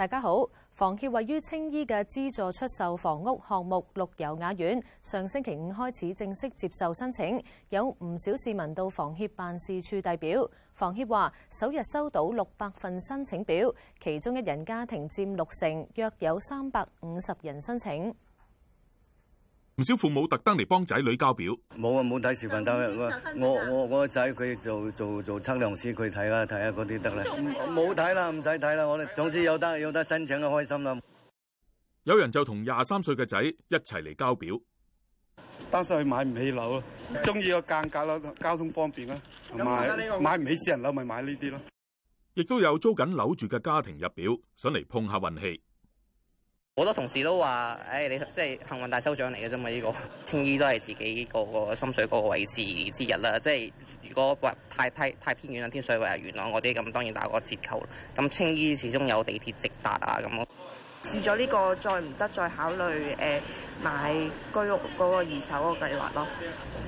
大家好，房協位於青衣嘅資助出售房屋項目綠悠雅苑，上星期五開始正式接受申請，有唔少市民到房協辦事處遞表。房協話首日收到六百份申請表，其中一人家庭佔六成，約有三百五十人申請。唔少父母特登嚟幫仔女交表，冇啊冇睇視頻，但係我我我個仔佢做做做測量師，佢睇啦睇下嗰啲得啦，冇睇啦，唔使睇啦，我哋總之有得有得申請就開心啦。有人就同廿三歲嘅仔一齊嚟交表當時，擔心佢買唔起樓咯，中意個間隔咯，交通方便啊。同埋買唔起私人樓咪買呢啲咯。亦都有租緊樓住嘅家庭入表，想嚟碰下運氣。好多同事都話，誒、哎，你即係幸運大收獎嚟嘅啫嘛？呢、這個青衣都係自己個個心水嗰個位置之一啦。即係如果太太太偏遠啦，天水圍、元朗嗰啲咁，當然打個折扣。咁青衣始終有地鐵直達啊。咁我試咗呢個，再唔得再考慮誒、呃、買居屋嗰個二手嗰個計劃咯。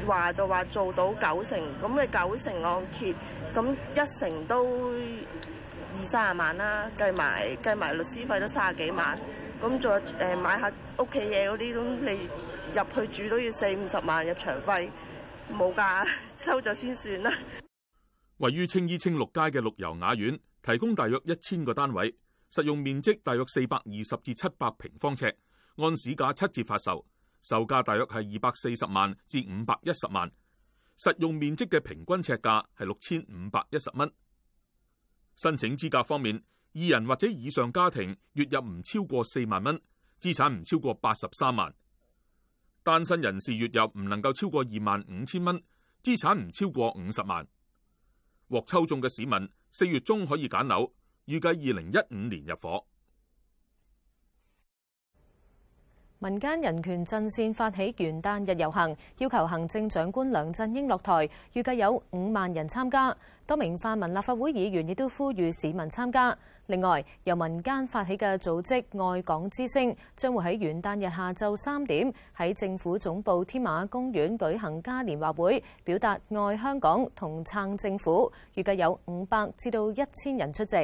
話就話做到九成咁你九成按揭，咁一成都二三十萬啦，計埋計埋律師費都三十幾萬。咁再誒買下屋企嘢嗰啲咁，你入去住都要四五十萬入場費，冇㗎，收咗先算啦。位於青衣青綠街嘅綠悠雅苑，提供大約一千個單位，實用面積大約四百二十至七百平方尺，按市價七折發售，售價大約係二百四十萬至五百一十萬，實用面積嘅平均尺價係六千五百一十蚊。申請資格方面。二人或者以上家庭月入唔超過四萬蚊，資產唔超過八十三萬，單身人士月入唔能夠超過二萬五千蚊，資產唔超過五十萬。獲抽中嘅市民四月中可以揀樓，預計二零一五年入伙。民間人權陣線發起元旦日遊行，要求行政長官梁振英落台，預計有五萬人參加。多名泛民立法會議員亦都呼籲市民參加。另外，由民間發起嘅組織愛港之聲將會喺元旦日下晝三點喺政府總部添馬公園舉行嘉年華會，表達愛香港同撐政府，預計有五百至到一千人出席。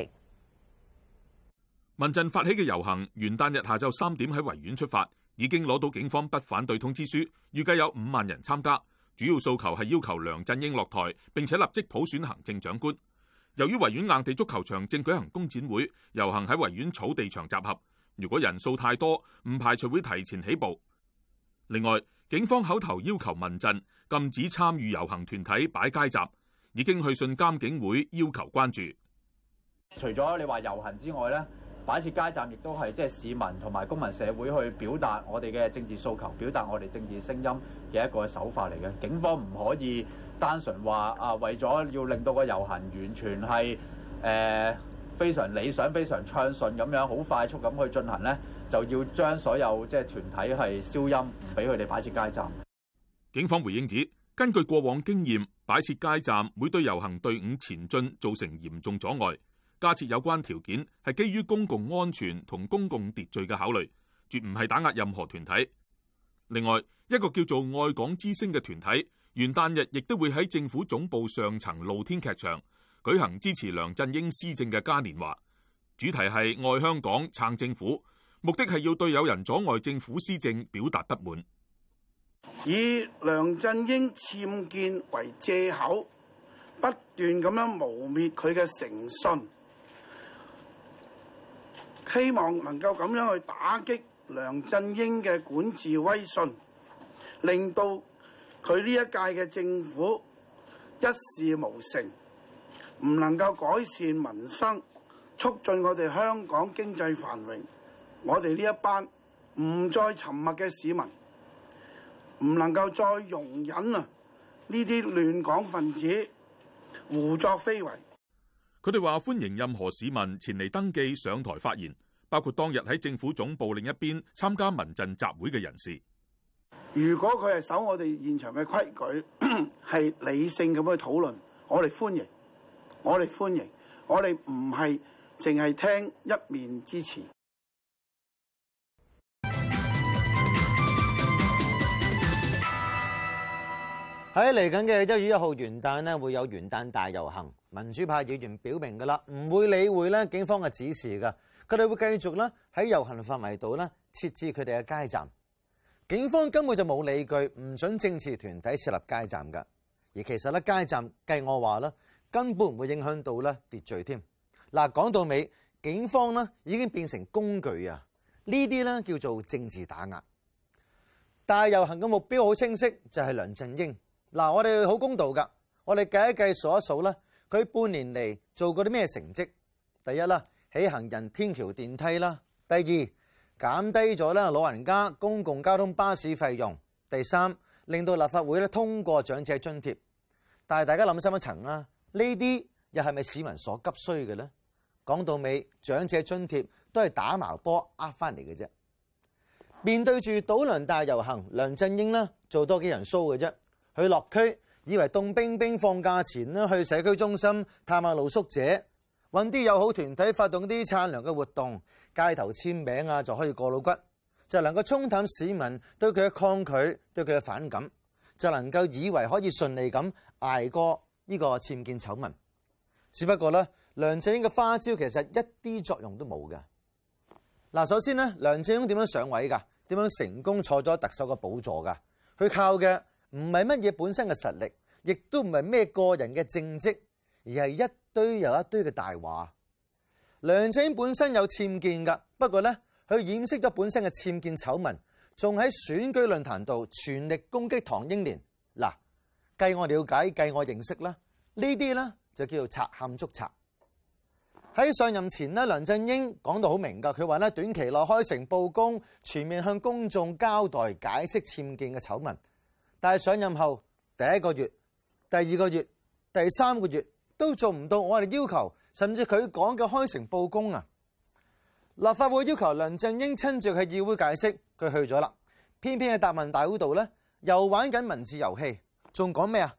民陣發起嘅遊行，元旦日下晝三點喺維園出發。已經攞到警方不反對通知書，預計有五萬人參加，主要訴求係要求梁振英落台，並且立即普選行政長官。由於維園硬地足球場正舉行工展會，遊行喺維園草地場集合。如果人數太多，唔排除會提前起步。另外，警方口頭要求民陣禁止參與遊行團體擺街站，已經去信監警會要求關注。除咗你話遊行之外呢。擺設街站亦都係即係市民同埋公民社會去表達我哋嘅政治訴求、表達我哋政治聲音嘅一個手法嚟嘅。警方唔可以單純話啊，為咗要令到個遊行完全係誒非常理想、非常暢順咁樣，好快速咁去進行咧，就要將所有即係團體係消音，唔俾佢哋擺設街站。警方回應指，根據過往經驗，擺設街站會對遊行隊伍前進造成嚴重阻礙。加設有關條件係基於公共安全同公共秩序嘅考慮，絕唔係打壓任何團體。另外，一個叫做「愛港之星」嘅團體，元旦日亦都會喺政府總部上層露天劇場舉行支持梁振英施政嘅嘉年華，主題係愛香港撐政府，目的係要對有人阻礙政府施政表達不滿，以梁振英僭建為借口，不斷咁樣污衊佢嘅誠信。希望能夠咁樣去打擊梁振英嘅管治威信，令到佢呢一屆嘅政府一事無成，唔能夠改善民生，促進我哋香港經濟繁榮。我哋呢一班唔再沉默嘅市民，唔能夠再容忍啊呢啲亂港分子胡作非為。佢哋話歡迎任何市民前嚟登記上台發言，包括當日喺政府總部另一邊參加民陣集會嘅人士。如果佢係守我哋現場嘅規矩，係理性咁去討論，我哋歡迎，我哋歡迎，我哋唔係淨係聽一面之詞。喺嚟緊嘅一月一號元旦呢，會有元旦大遊行。民主派議員表明嘅啦，唔會理會咧警方嘅指示嘅，佢哋會繼續咧喺遊行範圍度咧設置佢哋嘅街站。警方根本就冇理據唔准政治團體設立街站嘅，而其實咧街站計我話咧根本唔會影響到咧秩序添嗱。講到尾，警方咧已經變成工具啊！呢啲咧叫做政治打壓。但係遊行嘅目標好清晰，就係梁振英嗱。我哋好公道噶，我哋計一計數一數啦。佢半年嚟做過啲咩成績？第一啦，起行人天橋電梯啦；第二，減低咗咧老人家公共交通巴士費用；第三，令到立法會咧通過長者津貼。但係大家諗深一層啊，呢啲又係咪市民所急需嘅咧？講到尾，長者津貼都係打麻波呃翻嚟嘅啫。面對住倒梁大遊行，梁振英呢做多幾人騷嘅啫，去落區。以為凍冰冰放假前咧去社區中心探下露宿者，揾啲友好團體發動啲撐梁嘅活動，街頭簽名啊就可以過老骨，就能夠沖淡市民對佢嘅抗拒、對佢嘅反感，就能夠以為可以順利咁捱過呢個僭建醜聞。只不過咧，梁振英嘅花招其實一啲作用都冇㗎。嗱，首先咧，梁振英點樣上位㗎？點樣成功坐咗特首嘅寶座㗎？佢靠嘅。唔係乜嘢本身嘅實力，亦都唔係咩個人嘅政績，而係一堆又一堆嘅大話。梁振英本身有僭建噶，不過呢，佢掩飾咗本身嘅僭建醜聞，仲喺選舉論壇度全力攻擊唐英年嗱。計、啊、我了解，計我認識啦，呢啲呢，就叫做賊喊捉賊。喺上任前咧，梁振英講到好明噶，佢話呢，短期內開誠布公，全面向公眾交代解釋僭建嘅醜聞。但係上任後第一個月、第二個月、第三個月都做唔到我哋要求，甚至佢講嘅開誠佈公啊！立法會要求梁振英親自喺議會解釋，佢去咗啦。偏偏喺答問大會度咧，又玩緊文字遊戲，仲講咩啊？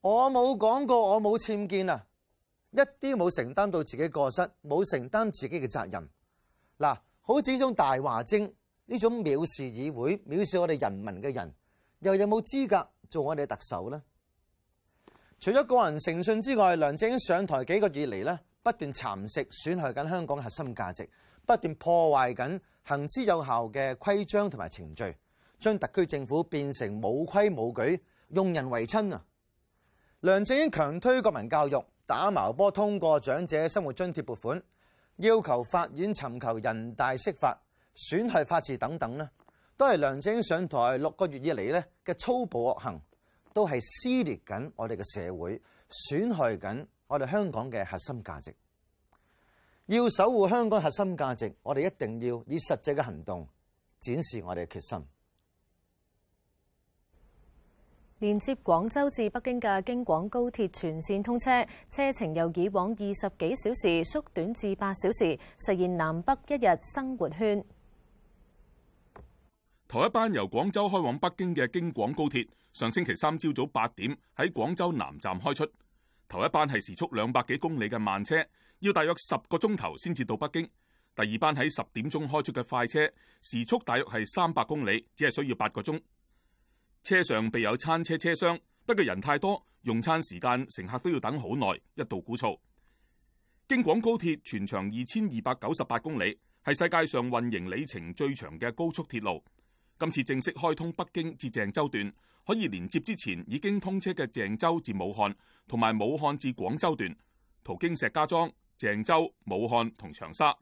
我冇講過，我冇僭建啊！一啲冇承擔到自己過失，冇承擔自己嘅責任。嗱，好似呢種大話精，呢種藐視議會、藐視我哋人民嘅人。又有冇資格做我哋嘅特首呢？除咗個人誠信之外，梁振英上台幾個月嚟呢，不斷蠶食損害緊香港核心價值，不斷破壞緊行之有效嘅規章同埋程序，將特區政府變成冇規冇矩、用人為親啊！梁振英強推國民教育，打矛波通過長者生活津貼撥款，要求法院尋求人大釋法，損害法治等等呢，都係梁振英上台六個月以嚟咧嘅粗暴惡行，都係撕裂緊我哋嘅社會，損害緊我哋香港嘅核心價值。要守護香港核心價值，我哋一定要以實際嘅行動展示我哋嘅決心。連接廣州至北京嘅京廣高鐵全線通車，車程由以往二十幾小時縮短至八小時，實現南北一日生活圈。頭一班由廣州開往北京嘅京廣高鐵，上星期三朝早八點喺廣州南站開出。頭一班係時速兩百幾公里嘅慢車，要大約十個鐘頭先至到北京。第二班喺十點鐘開出嘅快車，時速大約係三百公里，只係需要八個鐘。車上備有餐車車廂，不過人太多，用餐時間乘客都要等好耐，一度鼓噪。京廣高鐵全長二千二百九十八公里，係世界上運營里程最長嘅高速鐵路。今次正式開通北京至鄭州段，可以連接之前已經通車嘅鄭州至武漢同埋武漢至廣州段，途經石家莊、鄭州、武漢同長沙。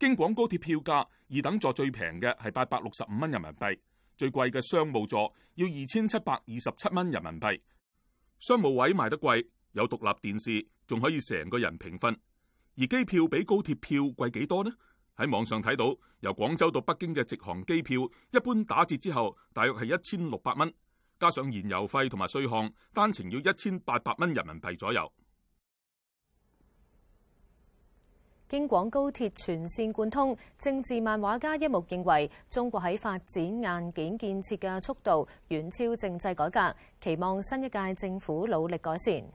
京廣高鐵票價二等座最平嘅係八百六十五蚊人民幣，最貴嘅商務座要二千七百二十七蚊人民幣。商務位賣得貴，有獨立電視，仲可以成個人平分。而機票比高鐵票貴幾多呢？喺網上睇到，由廣州到北京嘅直航機票一般打折之後，大約係一千六百蚊，加上燃油費同埋稅項，單程要一千八百蚊人民幣左右。京廣高鐵全線貫通，政治漫畫家一目認為，中國喺發展硬件建設嘅速度遠超政制改革，期望新一屆政府努力改善。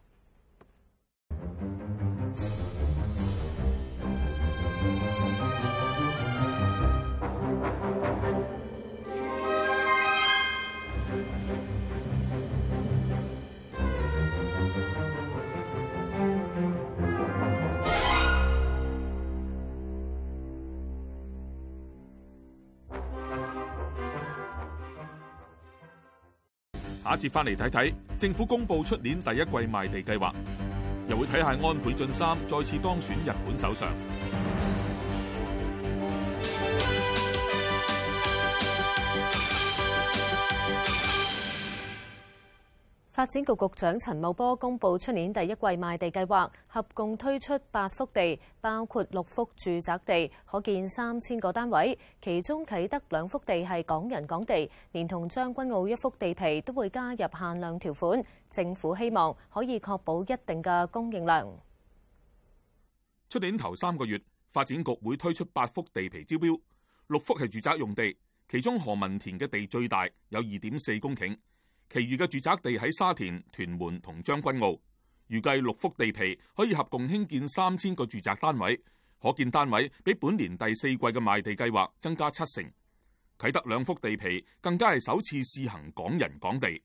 下一節翻嚟睇睇，政府公布出年第一季賣地計劃，又會睇下安倍晉三再次當選日本首相。發展局局長陳茂波公布出年第一季賣地計劃，合共推出八幅地，包括六幅住宅地，可建三千個單位。其中啟德兩幅地係港人港地，連同將軍澳一幅地皮都會加入限量條款。政府希望可以確保一定嘅供應量。出年頭三個月，發展局會推出八幅地皮招標，六幅係住宅用地，其中何文田嘅地最大，有二點四公頃。其餘嘅住宅地喺沙田、屯門同將軍澳，預計六幅地皮可以合共興建三千個住宅單位，可建單位比本年第四季嘅賣地計劃增加七成。啟德兩幅地皮更加係首次試行港人港地。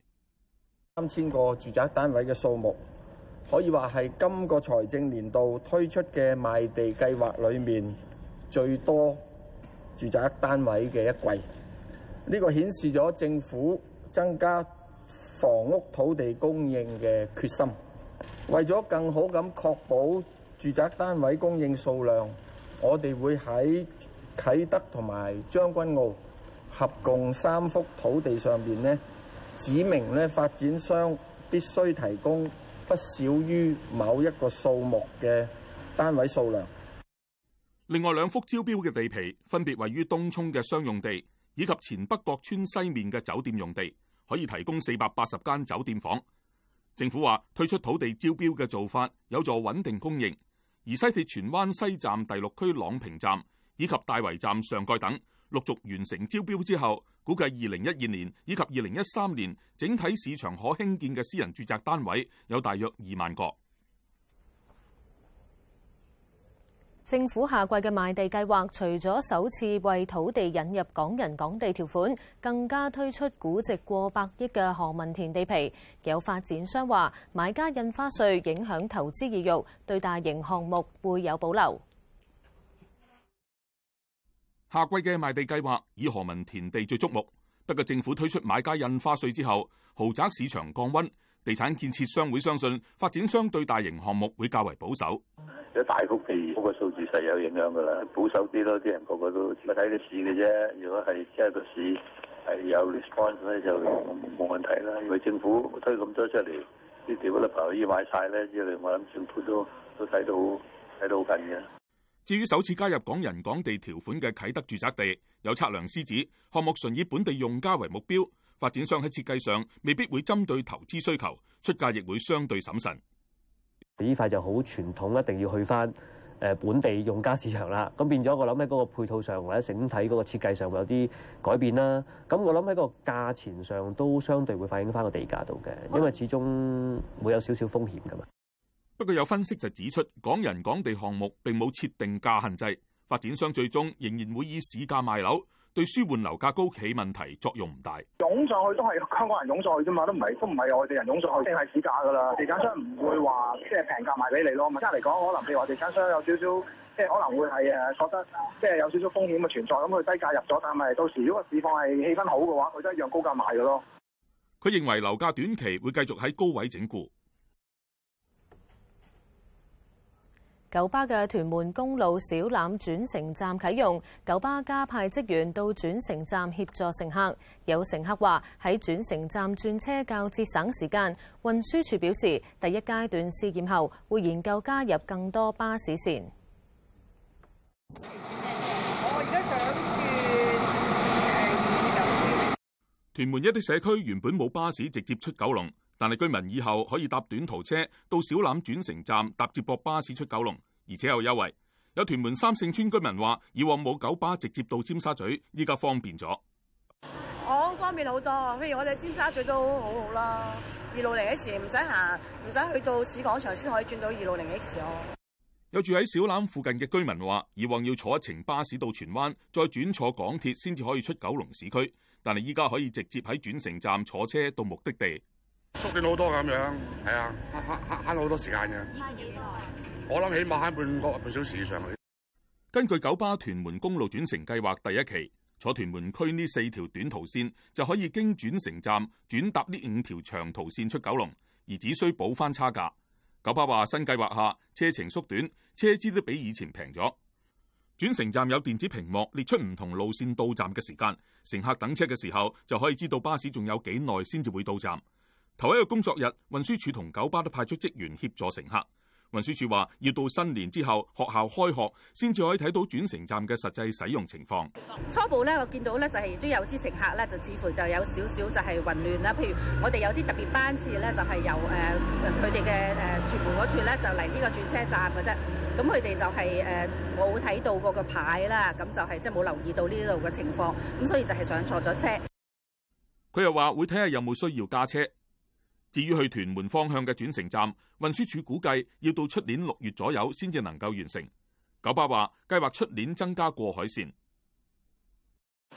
三千個住宅單位嘅數目，可以話，係今個財政年度推出嘅賣地計劃裏面最多住宅單位嘅一季。呢個顯示咗政府增加。房屋土地供應嘅決心，為咗更好咁確保住宅單位供應數量，我哋會喺啟德同埋將軍澳合共三幅土地上邊咧，指明咧發展商必須提供不少於某一個數目嘅單位數量。另外兩幅招標嘅地皮，分別位於東涌嘅商用地以及前北角村西面嘅酒店用地。可以提供四百八十間酒店房。政府話推出土地招標嘅做法有助穩定供應，而西鐵荃灣西站第六區朗屏站以及大圍站上蓋等陸續完成招標之後，估計二零一二年以及二零一三年整體市場可興建嘅私人住宅單位有大約二萬個。政府下季嘅賣地計劃，除咗首次為土地引入港人港地條款，更加推出估值過百億嘅何文田地皮。有發展商話，買家印花稅影響投資意欲，對大型項目會有保留。下季嘅賣地計劃以何文田地最觸目，不過政府推出買家印花稅之後，豪宅市場降溫。地產建設商會相信，發展商對大型項目會較為保守。有大幅地嗰個數字實有影響噶啦，保守啲咯，啲人個個都只係睇啲市嘅啫。如果係即係個市係有 response 咧，就冇問題啦。因為政府推咁多出嚟，啲地都一排要買晒咧，因為，我諗政府都都睇到睇到好緊嘅。至於首次加入港人港地條款嘅啟德住宅地，有測量師指項目純以本地用家為目標。發展商喺設計上未必會針對投資需求，出價亦會相對審慎。呢塊就好傳統，一定要去翻誒本地用家市場啦。咁變咗，我諗喺嗰個配套上或者整體嗰個設計上會有啲改變啦。咁我諗喺個價錢上都相對會反映翻個地價度嘅，因為始終會有少少風險噶嘛。不過有分析就指出，港人港地項目並冇設定價限制，發展商最終仍然會以市價賣樓。對舒緩樓價高企問題作用唔大，湧上去都係香港人湧上去啫嘛，都唔係都唔係外地人湧上去，一定係市價噶啦，地產商唔會話即係平價賣俾你咯。而家嚟講，可能譬如話地產商有少少即係可能會係誒覺得即係有少少風險嘅存在，咁佢低價入咗，但係到時如果個市況係氣氛好嘅話，佢都一樣高價賣㗎咯。佢認為樓價短期會繼續喺高位整固。九巴嘅屯門公路小欖轉乘站啟用，九巴加派職員到轉乘站協助乘客。有乘客話喺轉乘站轉車較節省時間。運輸處表示，第一階段試驗後會研究加入更多巴士線。哦、屯門一啲社區原本冇巴士直接出九龍。但係，居民以後可以搭短途車到小欖轉乘站搭接駁巴士出九龍，而且有優惠。有屯門三聖村居民話，以往冇九巴直接到尖沙咀，依家方便咗。哦，方便好多，譬如我哋尖沙咀都好好啦。二六零 X 唔使行，唔使去到市廣場先可以轉到二六零 X 哦。有住喺小欖附近嘅居民話，以往要坐一程巴士到荃灣，再轉坐港鐵先至可以出九龍市區，但係依家可以直接喺轉乘站乘坐車到目的地。縮短好多咁樣，係啊，慳慳慳慳好多時間嘅。幾耐？我諗起碼慳半個半小時以上去。根據九巴屯門公路轉乘計劃第一期，坐屯門區呢四條短途綫就可以經轉乘站轉搭呢五條長途綫出九龍，而只需補翻差價。九巴話新計劃下車程縮短，車資都比以前平咗。轉乘站有電子屏幕列出唔同路綫到站嘅時間，乘客等車嘅時候就可以知道巴士仲有幾耐先至會到站。頭一個工作日，運輸署同九巴都派出職員協助乘客。運輸署話要到新年之後學校開學，先至可以睇到轉乘站嘅實際使用情況。初步咧，我見到咧就係亦都有啲乘客咧就似乎就有少少就係混亂啦。譬如我哋有啲特別班次咧就係由誒佢哋嘅誒屯門嗰處咧就嚟呢個轉車站嘅啫。咁佢哋就係誒冇睇到個個牌啦，咁就係即係冇留意到呢度嘅情況，咁所以就係上錯咗車。佢又話會睇下有冇需要加車。至於去屯門方向嘅轉乘站，運輸署估計要到出年六月左右先至能夠完成。九巴話計劃出年增加過海線。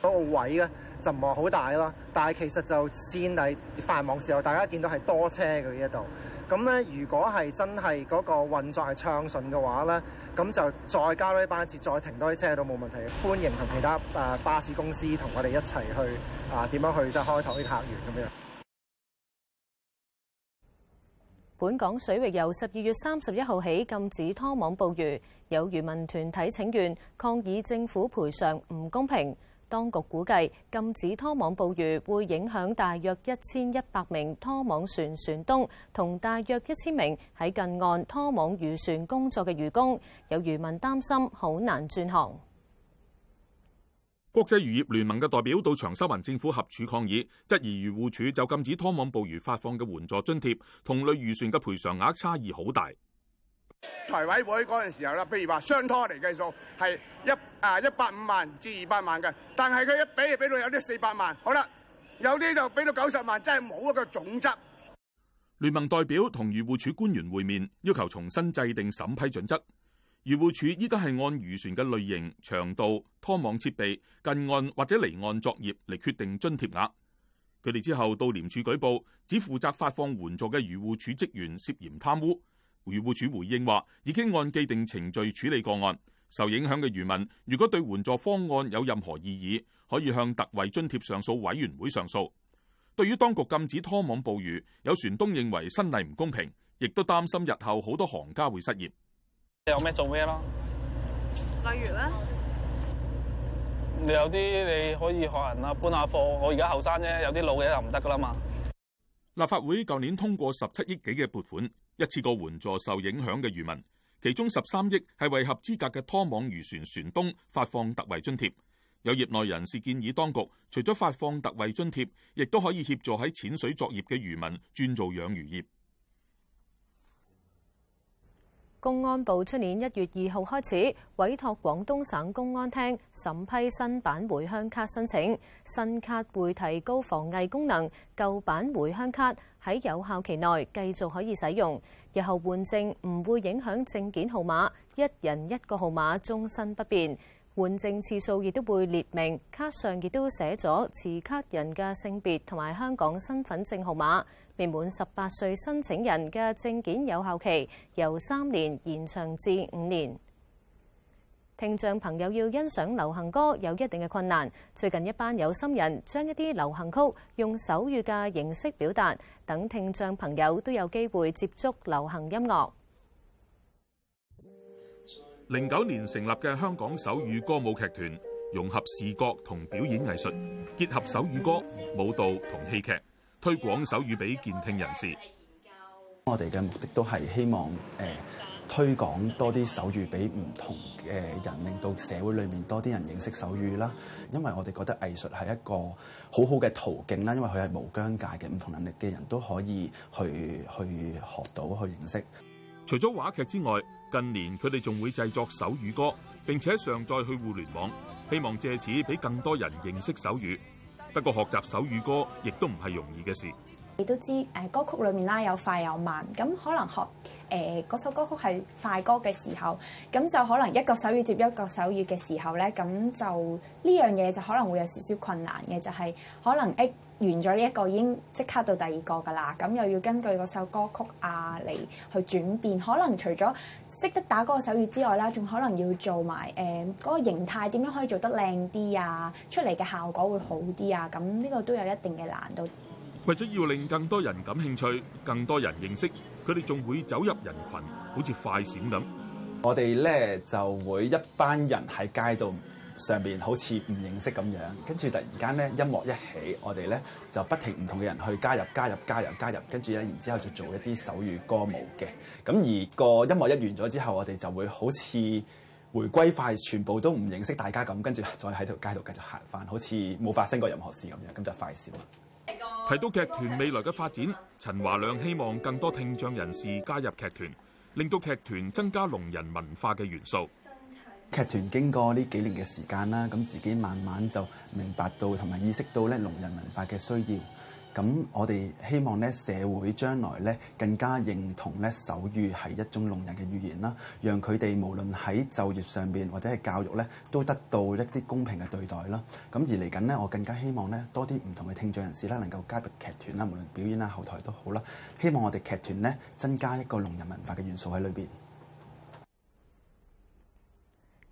嗰個位咧就唔係好大咯，但係其實就先係繁忙時候大家見到係多車嘅呢一度。咁咧如果係真係嗰個運作係暢順嘅話咧，咁就再加多啲班次，再停多啲車都冇問題。歡迎同其他誒巴士公司同我哋一齊去啊點樣去即係開頭啲客源咁樣。本港水域由十二月三十一號起禁止拖網捕魚，有漁民團體請願抗議政府賠償唔公平。當局估計禁止拖網捕魚會影響大約一千一百名拖網船船東同大約一千名喺近岸拖網漁船工作嘅漁工，有漁民擔心好難轉行。國際漁業聯盟嘅代表到長沙灣政府合署抗議，質疑漁護署就禁止拖網捕魚發放嘅援助津貼，同類漁船嘅賠償額差異好大。財委會嗰陣時候啦，譬如話雙拖嚟計數係一啊一百五萬至二百萬嘅，但係佢一俾就俾到有啲四百萬，好啦，有啲就俾到九十萬，真係冇一個總則。聯盟代表同漁護署官員會面，要求重新制定審批準則。漁護署依家係按漁船嘅類型、長度、拖網設備、近岸或者離岸作業嚟決定津貼額。佢哋之後到廉署舉報，指負責發放援助嘅漁護署職員涉嫌貪污。漁護署回應話，已經按既定程序處理個案。受影響嘅漁民如果對援助方案有任何異議，可以向特惠津貼上訴委員會上訴。對於當局禁止拖網捕魚，有船東認為新例唔公平，亦都擔心日後好多行家會失業。你有咩做咩咯？例如咧，你有啲你可以學人啊，搬下貨。我現在而家後生啫，有啲老嘅就唔得噶啦嘛。立法會舊年通過十七億幾嘅撥款，一次過援助受影響嘅漁民，其中十三億係為合資格嘅拖網漁船船東發放特惠津貼。有業內人士建議當局，除咗發放特惠津貼，亦都可以協助喺淺水作業嘅漁民轉做養魚業。公安部出年一月二號開始委託廣東省公安廳審批新版回鄉卡申請，新卡會提高防偽功能，舊版回鄉卡喺有效期內繼續可以使用。日後換證唔會影響證件號碼，一人一個號碼，終身不變。換證次數亦都會列明，卡上亦都寫咗持卡人嘅性別同埋香港身份證號碼。未滿十八歲申請人嘅證件有效期由三年延長至五年。聽障朋友要欣賞流行歌有一定嘅困難，最近一班有心人將一啲流行曲用手語嘅形式表達，等聽障朋友都有機會接觸流行音樂。零九年成立嘅香港手語歌舞劇團，融合視覺同表演藝術，結合手語歌、舞蹈同戲劇。推廣手語俾健聽人士，我哋嘅目的都係希望誒推廣多啲手語俾唔同嘅人，令到社會裏面多啲人認識手語啦。因為我哋覺得藝術係一個好好嘅途徑啦，因為佢係無疆界嘅，唔同能力嘅人都可以去去學到去認識。除咗話劇之外，近年佢哋仲會製作手語歌，並且上載去互聯網，希望借此俾更多人認識手語。不過學習手語歌亦都唔係容易嘅事。你都知誒，歌曲裏面啦有快有慢，咁可能學誒嗰、呃、首歌曲係快歌嘅時候，咁就可能一個手語接一個手語嘅時候咧，咁就呢樣嘢就可能會有少少困難嘅，就係、是、可能誒、欸、完咗呢一個已經即刻到第二個㗎喇，咁又要根據嗰首歌曲啊嚟去轉變，可能除咗識得打嗰個手語之外啦，仲可能要做埋呃嗰個形態，點樣可以做得靚啲啊？出嚟嘅效果會好啲啊！咁呢個都有一定嘅難度。為咗要令更多人感興趣，更多人認識佢哋，仲會走入人群，好似快閃咁。我哋咧就會一班人喺街度。上面好似唔認識咁樣，跟住突然間咧音樂一起，我哋咧就不停唔同嘅人去加入、加入、加入、加入，跟住咧然之後就做一啲手語歌舞嘅。咁而個音樂一完咗之後，我哋就會好似回歸快，全部都唔認識大家咁，跟住再喺條街度繼續行翻，好似冇發生過任何事咁樣，咁就快笑啦。提到劇團未來嘅發展，陳華亮希望更多聽障人士加入劇團，令到劇團增加聾人文化嘅元素。劇團經過呢幾年嘅時間啦，咁自己慢慢就明白到同埋意識到咧聾人文化嘅需要。咁我哋希望咧社會將來咧更加認同咧手語係一種聾人嘅語言啦，讓佢哋無論喺就業上邊或者係教育咧都得到一啲公平嘅對待啦。咁而嚟緊咧，我更加希望咧多啲唔同嘅聽障人士能夠加入劇團啦，無論表演啊後台都好啦。希望我哋劇團咧增加一個聾人文化嘅元素喺裏面。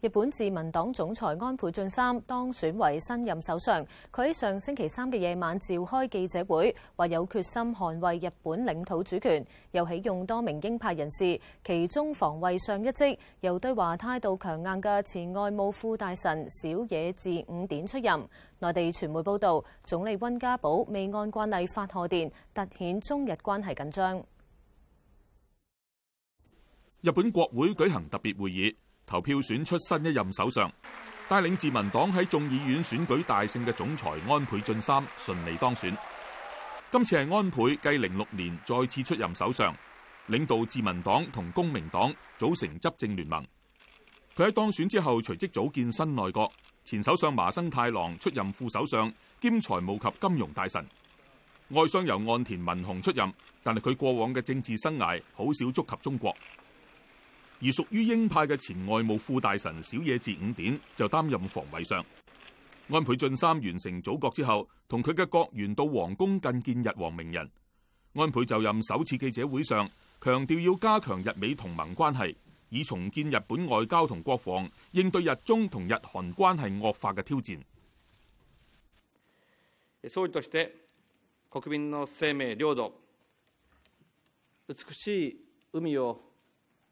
日本自民黨總裁安倍晉三當選為新任首相，佢喺上星期三嘅夜晚召開記者會，話有決心捍衛日本領土主權，又起用多名鷹派人士，其中防衛相一職由對華態度強硬嘅前外務副大臣小野寺五典出任。內地傳媒報道，總理温家寶未按慣例發賀電，突顯中日關係緊張。日本國會舉行特別會議，投票選出新一任首相，帶領自民黨喺眾議院選舉大勝嘅總裁安倍晉三順利當選。今次係安倍繼零六年再次出任首相，領導自民黨同公明黨組成執政聯盟。佢喺當選之後，隨即組建新內閣，前首相麻生太郎出任副首相兼財務及金融大臣，外相由岸田文雄出任，但係佢過往嘅政治生涯好少觸及中國。而屬於鷹派嘅前外務副大臣小野寺五典就擔任防衛相。安倍晉三完成組閣之後，同佢嘅閣員到皇宮覲見日皇明仁。安倍就任首次記者會上，強調要加強日美同盟關係，以重建日本外交同國防，應對日中同日韓關係惡化嘅挑戰。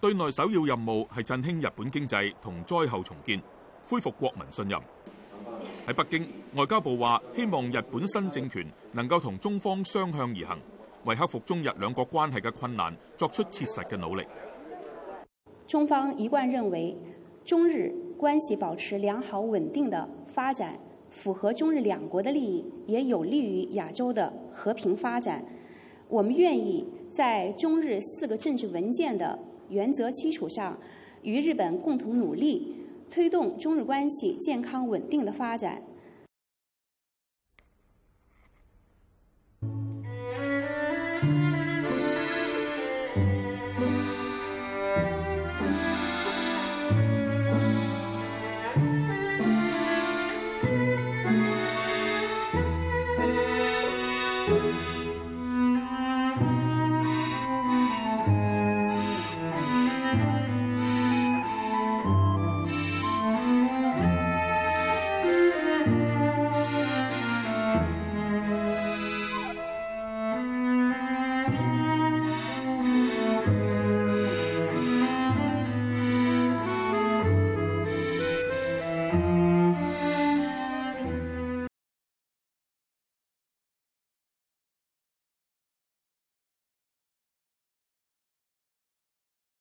對內首要任務係振興日本經濟同災後重建，恢復國民信任。喺北京，外交部話希望日本新政權能夠同中方相向而行，為克服中日兩國關係嘅困難作出切實嘅努力。中方一貫認為，中日關係保持良好穩定的發展，符合中日兩國的利益，也有利於亞洲的和平發展。我們願意在中日四個政治文件的原則基礎上，與日本共同努力，推動中日關係健康穩定的發展。